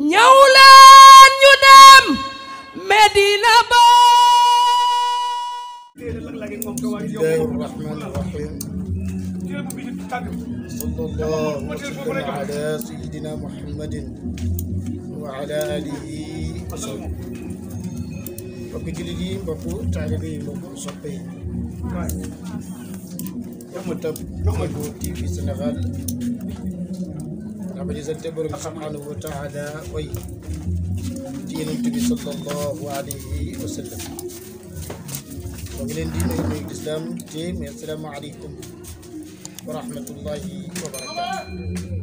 ñëw leen ñu dem Medina Ba. bismillaahi rahmaani rahiim. sallallaahu alaa sayyidinaa Muhammadin wa alaa aalihi wa sahbihi. mbokku jullit yi mbokku taalibe yi mbokku soppe yi. Yamoussoukro TV Sénégal. amadi sante borom subhanahu wa taala way ci yonent bi sallallahu alayhi wa sallam moo ngi leen di nuyu nuyu lislaam te mais assalaamu aleykum wa rahmatullahi wa barakatu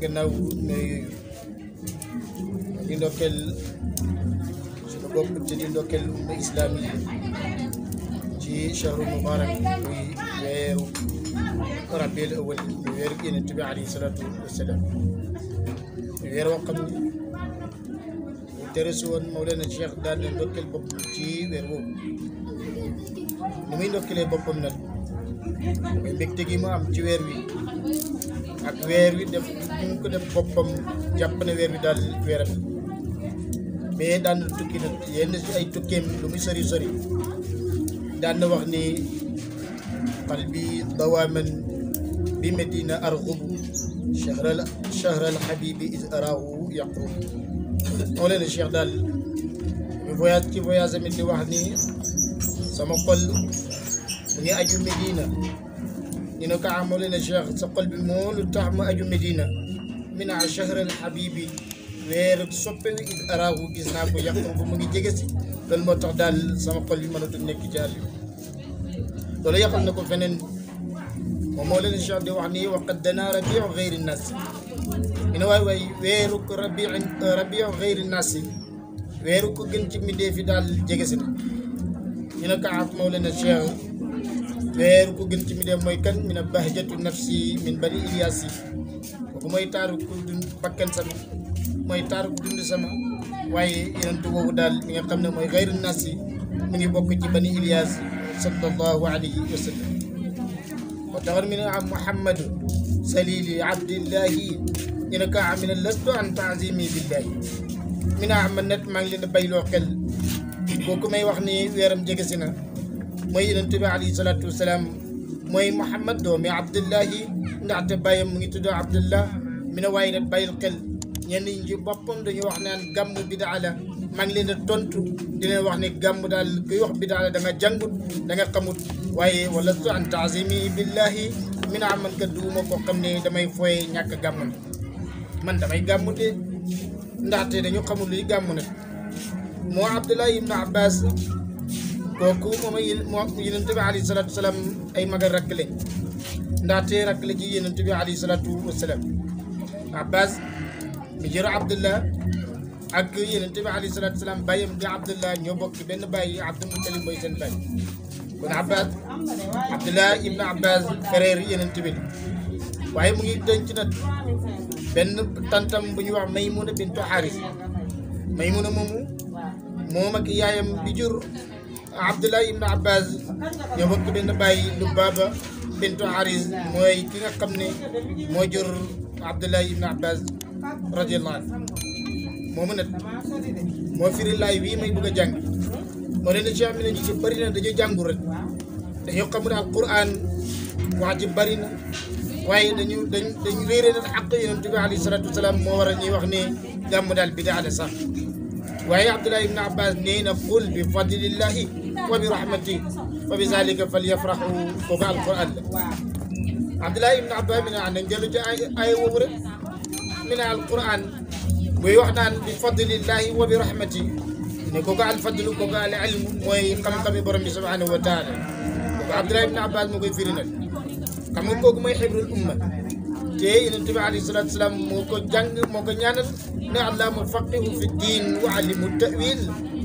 gannaaw nuyu moo ngi ndokkeel suñu bopp te di ndokkeel umma islaam yi ci shahru mubarak muy weeru rabiul awal weeru yonent bi alayhi salaatu wasalaam weer woo xam ni bu tere su woon Mawlana Cheikh daal na ndokkeel bopp ci weer boobu ni muy ndokkelee boppam nag mooy mbégte gi mu am ci weer wi ak weer wi def mu ko def boppam jàpp ne weer wi daal weeram mais daan na tukki nag yenn ay tukkeem lu muy sori sori daan na wax ni qalbi dawaaman بمدينة أرغب شهر شهر الحبيب إذ أراه يقرب ولا الشيخ دال voyage ki voyage mi di wax ni sama xol ni aju medina ñu ne ko amale na cheikh sa xol bi moo lu tax ma aju medina min a shahr al habibi weer soppe wi id arahu gis naa ko yàq ko mu ngi jege si loolu moo tax daal sama xol bi mënatu nekk ci àll loolu yàqal na ko feneen ومولد الشعب وعني وقدنا ربيع غير الناس من واي واي ويرك ربيع ربيع غير الناس ويرك جنت مدي في دال جيجسنا من كعب مولد الشعب ويرك جنت مدي ميكن من بهجة النفس من بني إلياسي ومي تارك دون بكن سما مي تارك دون سما واي ينتو ودال من قمنا مي غير الناس من يبقى كتبني إلياس صلى الله عليه وسلم وتغن من عم محمد سليل عبد الله إنك عمل لست عن تعظيمي بالله من عم النت ما لين بيلو كل بكم أي وحني ويرم جيسنا ما ينتبه عليه الصلاة والسلام ما محمد دومي عبد الله نعت بايم من تدو عبد الله من وايد بيل كل يعني يجيب بحكم دنيا وحنا جم بيد على maa ngi leen di tontu di wax ne gàmm daal kuy wax bi daal da nga jàngut da waaye wala tu man xam ne damay fooye ñàkk gàmm na man damay gàmm de ndaxte dañu xamul luy gàmm na moo Abdullahi ibn Abbas kooku moom ay moo yonent bi alayhi salaatu wasalaam ay maga rakkale ndaxte rakkale ji yonent bi alayhi salaatu mi jëro Abdullah ak yonent bi alayhi salaatu salaam bàyyam di Abdullah ñoo bokk benn bàyyi Abdul Mutalib mooy seen bàyyi kon Abbas Abdullah ibn Abbas frère yonent bi waaye mu ngi denc nag tantam bu ñuy wax Maymuna bintu Xaaris Maymuna moomu moom ak yaayam bi jur Abdullah ibn Abbas ñoo bokk benn bàyyi Lubaba bintu Xaaris mooy ki nga xam ne moo jur Abdullah ibn Abbas radiyallahu anhu moo mën a moo firi laay wii may bëgg a jàng moo leen di ci am ne ñu ci bëri na dañuy jàngu rek dañoo xam ne alquran wax ji bëri na waaye dañu dañ dañu réere na àq yonent bi alayhi salaatu wasalaam moo waral ñuy wax ne gàmm daal bidaa la sax waaye Abdullah ibn Abbas nee na qul bi fadlillahi wa bi rahmati fa bi zalika falyafrahu kooku alquran la Abdullah ibn Abbas mi ne ah nañ dellu ci ay ay woowu rek mi ne alquran ويوحنا بفضل الله وبرحمته نكوكا الفضل كوكا العلم وي خم خم برمي سبحانه وتعالى عبد الله بن عباس مكوي فينا كم كوك ما يحب الأمة تي إن تبع عليه الصلاة والسلام موكو جان موكو نيان نعلا مفقه في الدين وعلم التأويل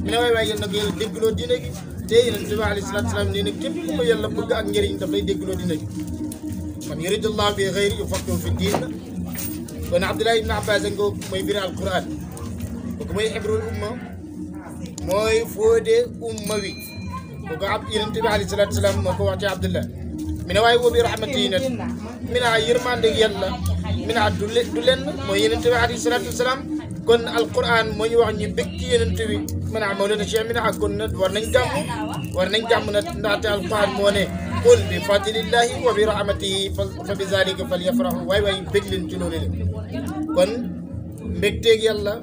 من وين وين نقول دبلو دينك تي إن تبع عليه الصلاة والسلام دينك كم يلا بوجا أنجرين تبي دبلو دينك من يريد الله بغير يفقه في الدين كان عبد الله بن عباس نقول ما يبرع القرآن وكما يحبر الأمة ما يفود أموي وكعب ينتبه عليه الصلاة والسلام وكوعة عبد الله من واي وبرحمة دينة من عير ما عندك يلا من عدل دلن ما ينتبه عليه الصلاة والسلام كن القرآن ما يوعني بكي ينتبه من عمولنا شيء من عكنا ورنجام ورنجام نتعطي القرآن مونه قل بفضل الله وبرحمته فبذلك فليفرحوا واي واي بيجلن جنون لي كون مكتيك يالا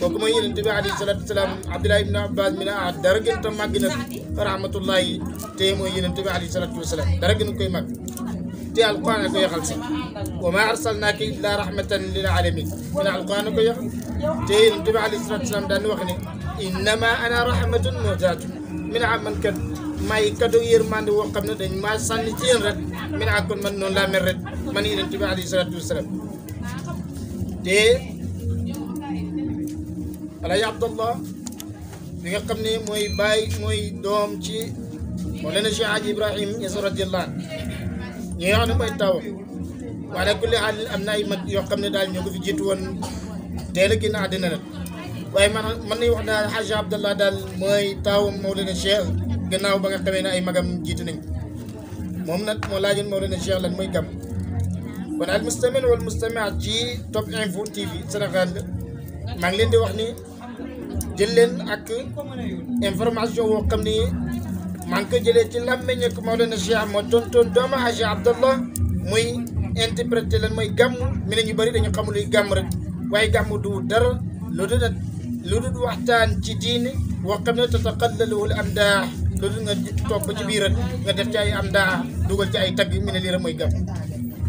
كوكما يلنتي بي عليه الصلاه والسلام عبد الله بن عباس من درجه تماغنا رحمه الله تي مو يلنتي بي عليه الصلاه والسلام درجه نكاي ماك تي القران كو يخال سي وما ارسلناك الا رحمه للعالمين من القران كو يخال تي يلنتي بي عليه الصلاه والسلام دان وخني انما انا رحمه مهداه من عمن كذب may cadeau yërmande woo xam ne dañ maa sànni ci yéen rek mi ne ah, kon man noonu laa mel rek man yonent bi alayhi salaatu wasalaam te alay abdallah bi nga xam ne mooy baay mooy doom ci Mawlana Cheikh Hadji Ibrahim Niass radiyallahu anhu ñi nga xam ne mooy tawam waaye kulli xaal am na ay mag yoo xam ne daal ñoo ko fi jiitu woon teel a génn àddina nag waaye man man nañu wax daal Hadji Abdallah daal mooy tawam Mawlana Cheikh gannaaw ba nga xamé na ay magam jitu nañ mom nak mo moo mo Mawlana Cheikh lan moy gam kon al mustamil wal mustamiat ji Top Info TV Sénégal ma ngi leen di wax ni jël leen ak information wo xam ni maa ngi ko jëlee ci ko mo Mawlana Cheikh mo tonto doma Haji Abdallah muy interpréter lan moy gam mi ne ñu bëri dañu xamul luy gam rek waaye gam du dara lu do lu do waxtaan ci diine woo xam ne tataqallaluhu al amdaax loolu nga ci biirat nga def ci ay am daa dugal ci ay tagg mi ne lii rek mooy gàmm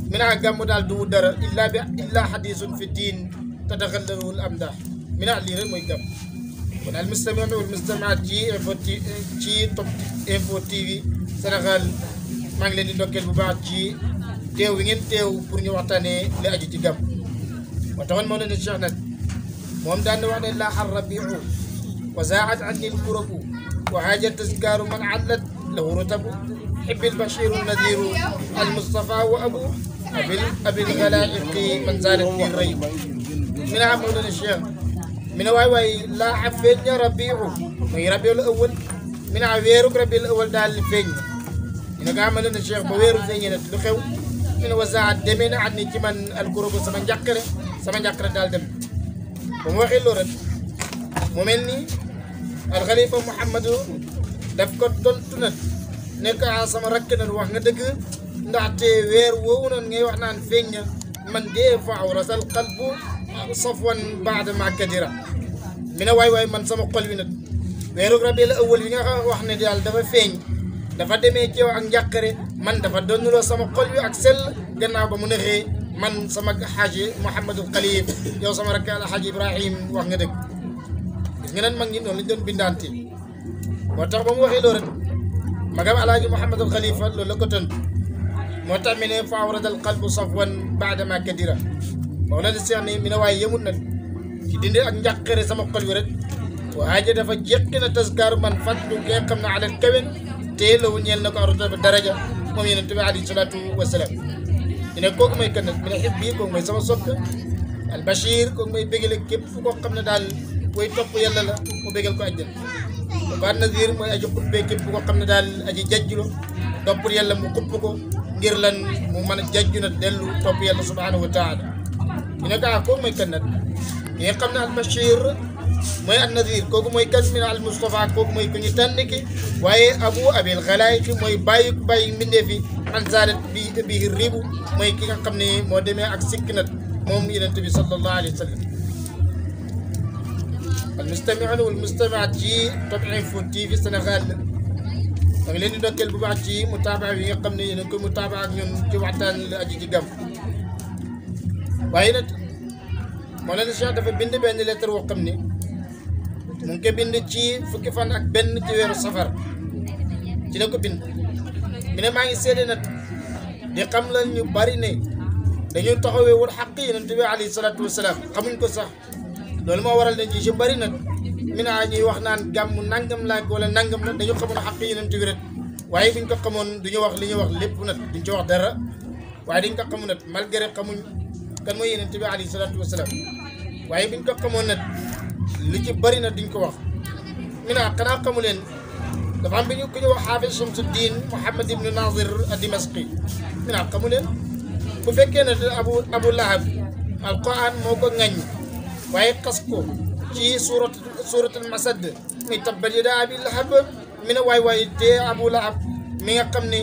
mi naa ah, gàmm daal du dara illa bi illa hadisun fi diin tataxallalu am daa mi naa ah, lii rek mooy gàmm kon al mustami'un wal mustami'at ci info ci Top Info TV Sénégal maa ngi leen di ndokkeel bu baax ci teew wi ngeen teew pour ñu waxtaanee li aju ci gàmm wa taxoon moo leen di Cheikh nag moom daan na la ne laaxar rabiu wa zaat anni l kurabu وحاجة تزكار من علت له رتب حب البشير النذير المصطفى وأبوه أبي, أبي الخلائق من زال في الريب من عمود الشيخ من واي واي لا يا ربيعه ما ربيع الأول من عفيرك ربيع الأول ده اللي فيني من عمل الشيخ بوير زينة لخو من وزع الدمين عدني كمان القروب سمن جاكرة سمن جاكرة دال دم ومو وموخي اللورد ومني الخليفة محمد دفكر دلتنا نكا عاصم ركنا الوحنا دك نعطي وير وونا نغي وحنا نفين من دفع ورس القلب صفوان بعد ما كديرا من واي واي من سمو قلبنا ويرو ربي الأول وينا وحنا ديال دفا فين دفا دمي كيو عن جاكري من دفا دنلو سمو قلبي أكسل جنا بمنغي من سمك حاجي محمد القليل يو سمرك على حاجي إبراهيم وحنا دك gis nga neen mag ñi noonu lañ doon bindaante moo tax ba mu waxee loolu rek magam alaaji Mouhamadul Khalifa loolu la ko tënk moo tax mi ne fa awradal qalbu safwan baadama kadira moom la di seex ni mi ne waaye yemut nag ci dindi ak njàqare sama xol bi rek waaye dafa jeqi na taskaaru man fàttali nga xam ne alal kawen teelawu ñeel na ko arutaba daraja moom yonent bi alayhi salaatu wasalaam mi ne kooku may kan nag mi ne xib bii kooku may sama soppe al Bachir kooku may bégale képp fu ko xam ne daal way topp yàlla la mu bégal ko àjjana ba nazir mooy aji xutbe ko xam ne daal aji jajjulo topp yàlla mu xupp ko ngir lan mu mën a na dellu topp yàlla subhanahu wa taala ñu ko ah kooku mooy kan nag ki nga xam ne al bashir al mustafa kooku mooy ku ñu tànn ki waaye abu abil xalaayik mooy bàyyi bàyyi mbindee fi an saadat bi bi ribu mooy ki nga xam ne moo demee ak sikkinat moom yonent bi sallallahu alayhi wa sallam المستمعون والمستمعات جي تابعين فون تي في Sénégal da nga leen di dokkeel bu baax ci mutaabaa bi nga xam ne yéen a ngi koy mutaabaa ak ñun ci waxtaan la aji ci gam waaye nag moo leen Cheikh dafa bind benn lettre woo xam ne mu ngi ko bind ci fukki fan ak benn ci weeru safar ci la ko bind mi ne maa ngi seede nag di xam la ñu bari ne dañu taxawee wut xaq yonent bi alayhi salaatu wasalaam xamuñ ko sax loolu moo waral ne ci si bëri nag mi naa ñuy wax naan gàmm nangam laak wala nangam nag dañu xamoon xaq yeneen bi rek waaye fi ñu ko xamoon duñu wax li ñuy wax lépp nag duñ ci wax dara waaye dañ ko xamu nag malgré xamuñ kan mooy yeneen bi alayhi salaatu wasalaam waaye bi ñu ko xamoon nag li ci bëri nag duñ ko wax mi naa xanaa xamu leen dafa am bi ñu ko ñu wax xaafis Shamsuddin Muhammad ibnu Nazir ad-Dimashqi mi naa xamu leen bu fekkee ne abu abu lahab alquran moo ko ŋaññ واي قسكو جي سورة سورة المسد مي تبالي دا أبي لحب من واي واي دي أبو لحب مي قمني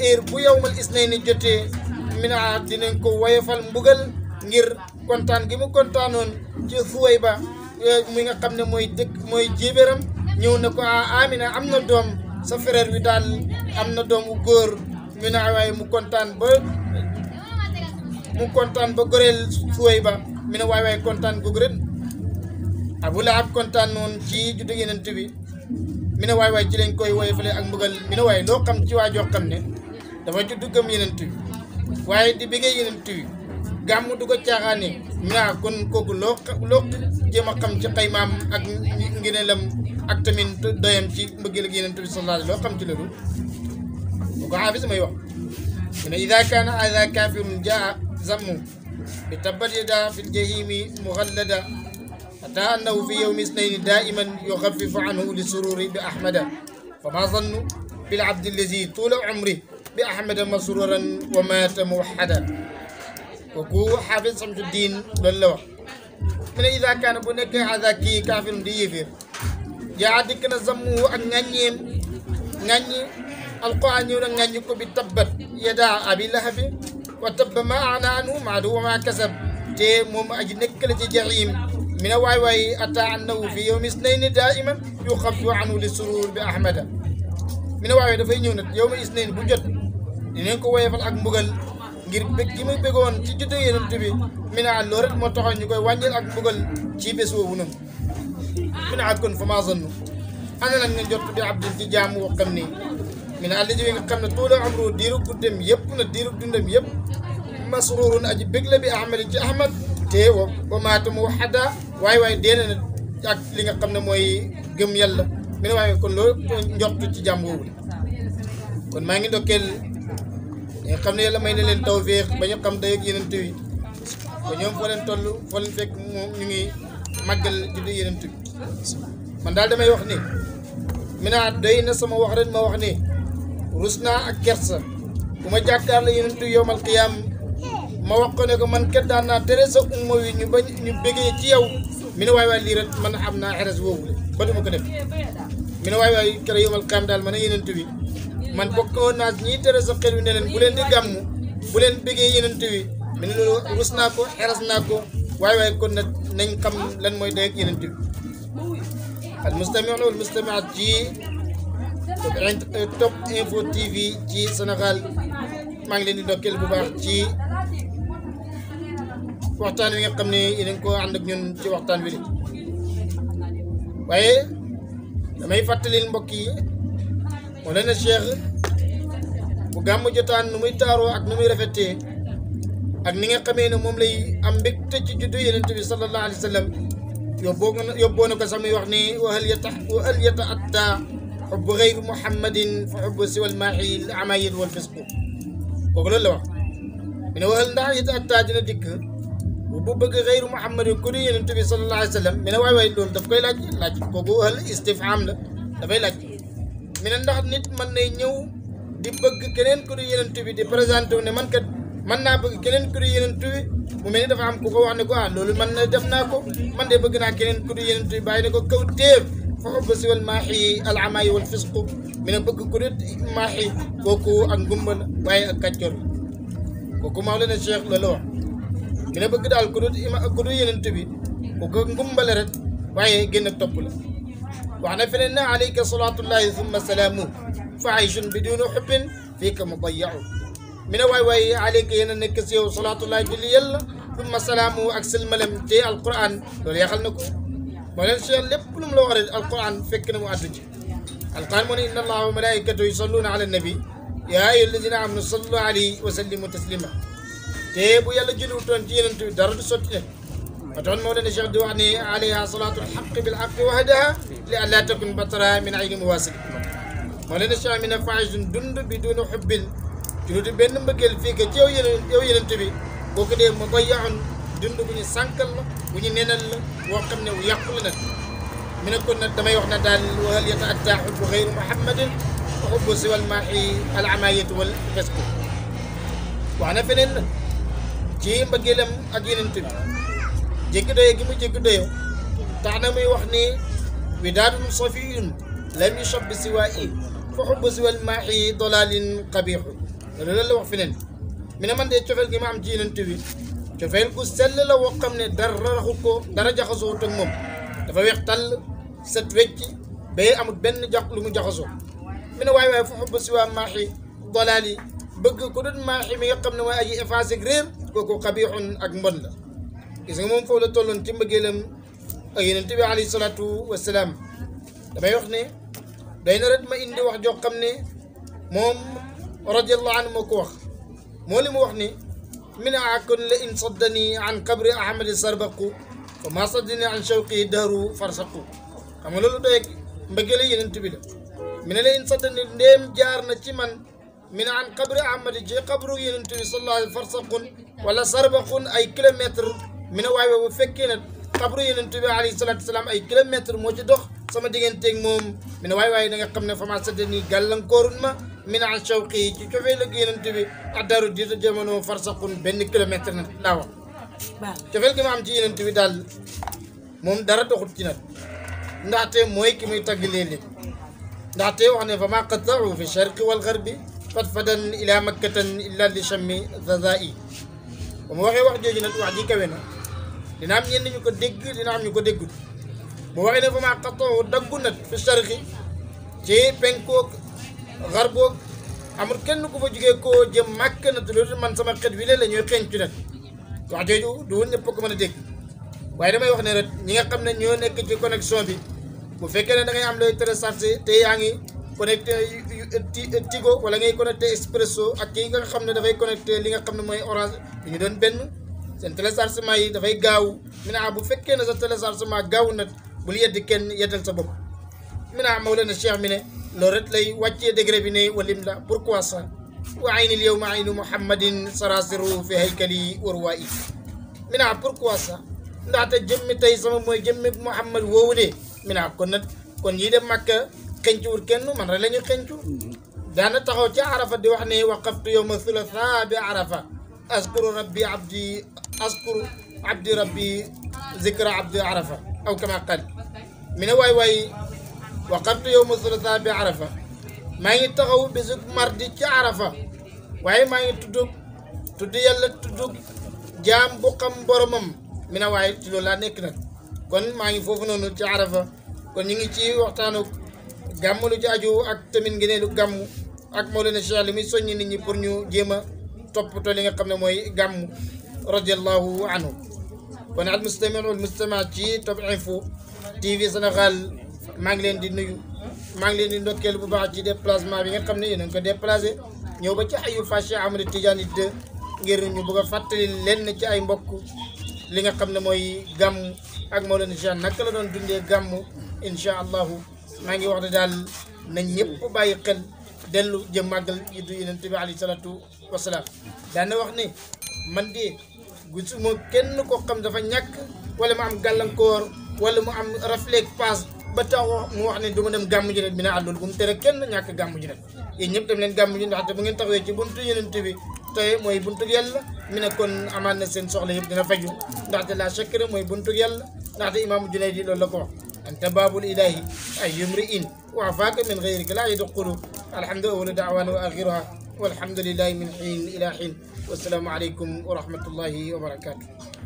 إير بو يوم الإسنين جتي من عادنين كو واي فال نير كونتان جيمو كونتانون جي فوي با مي قمني موي دك موي نيو نكو آمنا أمنا دوم سفرر ويدان أمنا دوم وغور من عواي مو كونتان با مو كونتان با غريل فوي mi ne waay waay kontaan googu ren Abu ah, Lahab kontaan noonu ci juddu Yonent bi mi ne waay waay ci lañ koy woyofale ak mbugal mi ne waay loo xam ci waa joo xam ne dafa juddu gëm Yonent bi waaye di bëggee Yonent bi gàmm du ko mi ne ah, kon kooku loo loo jéem a xam ci xaymaam ak ngëneelam ak tamit doyam ci mbëggeel ak Yonent bi sallallahu loo xam ci loolu bu ko xaafis may wax mi ne ida kaana ada kafirun jaa zamu بتبت في الجحيم مخلدا حتى أنه في يوم اثنين دائما يخفف عنه لسرور بأحمد فما ظن بالعبد الذي طول عمره بأحمد مسرورا ومات موحدا وكو حافظ سمج الدين للوح من إذا كان بنك هذا كي كافر دي يا عدك نزمو أن نانيم ناني القرآن يقول بتبت يدا أبي لهب وتب ما أعنى عنهم عدو ما كسب تي موم أجي نكل جحيم من واي واي أتى عنه في يوم اثنين دائما يخفف عنه للسرور بأحمد من واي دفاي ñew nak يوم اثنين bu jot dinañ ko wéyfal ak mbugal ngir bég gi mu bégoon ci jottu yonent bi mi naa loolu rek moo taxoon ñu koy wàññil ak mbugal ci bés woowu noonu mi naa kon fa maa zannu ana lan nga jot bi abdin ci jaamu woo xam nii min àll ji wi nga xam ne tuula amru diiru guddem yëpp na diiru dundam yëpp masrurun aji bég la bi ahmad ci ahmad te wa wa maata mu waxada waay waay deena na ak li nga xam ne mooy gëm yàlla mi ne waaye kon loolu njortu ci jàmm maa ngi ndokkeel ñi xam ne yàlla may na leen tawfiq ba ñu xam dayoog yenent wi ko ñoom foo leen toll màggal juddu man daal damay wax ni mi naa doy na sama wax ren ma wax ni rus naa ak kersa bu ma jàkkaar la yonentu yowmal qiyaam ma wax ko ko man kat daan naa tere sa umma wi ñu bañ ci yow mi ne waay waay lii ret man am naa xeres woowu la ba duma ko def mi ne waay waay kere yowmal qiyaam daal man a yonentu bi man bokkoon naa ñiy tere sa xel wi ne leen bu leen di gàmm bu leen bëggee yonentu wi mi rus naa ko xeres naa ko waay waay kon nag nañ xam lan mooy day ak yonentu bi al mustami'una wal mustami'at Top Info TV ci Sénégal maa ngi leen di ndokkeel bu baax ci waxtaan wi nga xam ne yéen ko ànd ak ñun ci waxtaan wi li waaye damay fàttali leen mbokk yi moo leen Cheikh bu gàmm jotaan nu muy taaroo ak nu muy rafetee ak ni nga xamee ne moom lay am mbégte ci juddu Yonent bi sallallahu alayhi wa sallam yóbboo na yóbboo na ko sax muy wax ni wahal yata wahal yata حب غير محمد فحب سوى الماحي العمايل والفسق kooku loolu la wax mu ne waxal ndax it attaa dina dikk bu bëgg xeyru muhammad ku di yonent bi sallallahu alayhi wa sallam mi ne waay waay loolu daf koy laaj laaj kooku waxal istifham la dafay laaj mi ne ndax nit mën nay ñëw di bëgg keneen ku di yonent bi di présenté wu ne man kat mën naa bëgg keneen ku di yonent bi mu mel ni dafa am ku ko wax ne ko ah loolu man na def naa ko man de bëgg naa keneen ku di yonent bi bàyyi ne ko kaw téef فحب siwal maaxi alamaay wal fisqu mi ne bëgg ku nit maaxi kooku ak ngumbal waaye ak kàccoor kooku Mawlana Cheikh loolu wax mi ne bëgg daal ku nit ima ku nit yenent bi kooku ak ngumbale rek waaye génn ak topp la wax na feneen na alayka salaatullahi summa salaamu fa ayshun biduni xubbin fiika mudayacu mi ne waay waay alayka yéen a nekk si yow salaatullahi julli yàlla summa salaamu ak sëlmalem te alquran loolu yaxal na ko ولكن مالشيا لب لم لوارد القرآن فكنا معدج القرآن من إن الله وملائكته يصلون على النبي يا أيها الذين آمنوا صلوا عليه وسلموا تسليما تيبو يلا جلو تنجين انتو درد سوتنا فتون مولانا شيخ دواني عليها صلاة الحق بالحق وهدها لألا تكون بطرها من عين مواسك مولانا شيخ من فعج دند بدون حب جلو تبين مبقل فيك تيو ينتبي وكده مضيع dund bu ñu sànkal la bu ñu nenal la boo xam ne yàqu la nag mu ne kon nag damay wax na daal waxal yata atta xubbu xayru muhammadin wa xubbu siwal maaxi al amaayatu wal fesku wax na feneen nag ci mbëggeelam ak yeneen bi jéggi doyo gi mu jéggi doyo tax na muy wax ne widaadun safiyun lam yushab bi siwaa'i fa xubbu siwal maaxi dolaalin qabixu loolu la wax feneen mi ne man de cofeel gi ma am ci yeneen bi cofeel gu sell la woo xam ne dara raxu ko dara jaxasoowut ak moom dafa weex tàll set wecc bay amul benn jox lu mu jaxasoo mu ne waay waay fu xubbu si waa maaxi dolaal yi bëgg ku dul maaxi mi nga xam ne mooy aji effacé ak réer kooku xabiixun ak mbon la gis nga moom foofu la tolloon ci mbëggeelam ak yonente bi alayhi salaatu wasalaam damay wax ne day na ret ma indi wax joo xam ne moom radiallahu anhu moo ko wax moo li mu wax ne من أعكل إن صدني عن قبر أحمد سربق وما صدني عن شوقه دهر فرسق أما لولو ديك مبقلي ينتبه من اللي إن صدني نيم جار نتمن من عن قبر أحمد جي قبر ينتبه صلى الله عليه فرسق ولا سربق أي كيلومتر من وعي وفكينا xabru yonent bi alayhi salaatu salaam ay kilomètre moo ci dox sama digganteeg moom mi ne waay waay da nga xam ne fama sadde nii gàllankoorun ma min an shawqi ci cofee la yonent bi addaru diita jamono farsaqun benn kilomètre na laa wax cofeel gi ma am ci yonent bi daal moom dara doxut ci nag ndaxte mooy ki muy tagg léeg-léeg ndaxte wax ne fama qataru fi sharqi wal garbi fatfadan ila makkatan illa li chammi zazai ba mu waxee wax jooju nag wax ji kawe na dina am ñenn ñu ko dégg dina am ñu ko déggut bu waxee ne fa maa xattoo daggu nag fi sarxi ci penkoog xarboog amul kenn ku fa jógee koo jëm màkk na loolu man sama xet wi la ñuy xeeñcu nag wax jooju du ñëpp ko mën a dégg waaye damay wax ne rek ñi nga xam ne ñoo nekk ci connexion bi bu fekkee ne da ngay am looy téléchargé te yaa ngi connecté Tigo wala ngay connecté Expresso ak kii nga xam ne dafay connecté li nga xam ne mooy Orange du ñu doon benn sen téléchargement yi fay gaaw mina bu fekke na sa téléchargement gaaw na li yedd ken yeddal sa bop mina mawlana cheikh mine lo ret lay wacce degré bi ne walim la pourquoi ça wa ayni al yawma aynu muhammadin sarasiru fi haykali urwa'i mina pourquoi ça ndata jemi tay sama moy jemi muhammad woowu mina kon nat kon yi dem màkka wur ken man ra lañu ñu dana taxaw ci arafa di wax ne waqaftu yowma thulatha bi arafa أذكر ربي abdi askuru abdi rabbi zikra abdi arafa aw kama qal mi waay waay waqartu yowma thulatha bi arafa maa ngi taxaw bésub mardi ci arafa waaye maa ngi tuddug tudd yàlla tuddug jaam bu xam boromam mi ne ci loolu laa nekk nag kon maa ngi foofu noonu ci arafa kon ñu ngi ci waxtaanu gàmm lu ci aju ak tamit ngeneelu gàmm ak Mawlana Cheikh li muy soññi nit ñi pour ñu jéem a toppatoo li nga xam ne mooy gàmm رضي الله عنه kon al mustami'u al mustama' ci Top Info TV Sénégal maa ngi leen di nuyu maa ngi leen di ndokkeel bu baax ci déplacement bi nga xam ne yéen a ngi ko déplacé ñëw ba ci ayu Faché Amadou Tidiane 2 ngir ñu bëgg a fàttali lenn ci ay mbokk li nga xam ne mooy gàmm ak Mawlana Cheikh naka la doon dundee gàmm incha allahu maa ngi wax ne daal nañ ñëpp bàyyi xel dellu jëm màggal yi du yonent bi alayhi salaatu wasalaam daana wax ne man de gisuma kenn koo xam dafa ñàkk wala mu am gàllankoor wala mu am raflet paas ba taxaw mu wax ne du ma dem gàmmu ji ren bi naa loolu bu mu tere kenn ñàkk gàmmu ji ren yéen ñëpp dem leen gàmmu ji ndaxte bu ngeen taxawee ci buntu yenent bi tey mooy buntu yàlla mi ne kon amaan na seen soxla yëpp dina faju ndaxte la chakra mooy buntu yàlla ndaxte imaamu Junayd loolu la ko wax anta baabul ilaahi ay yumri in wa afaaka min gayrika laa yaduqulu alhamdu awwalu daawaana wa axiruha والحمد لله من حين إلى حين والسلام عليكم ورحمة الله وبركاته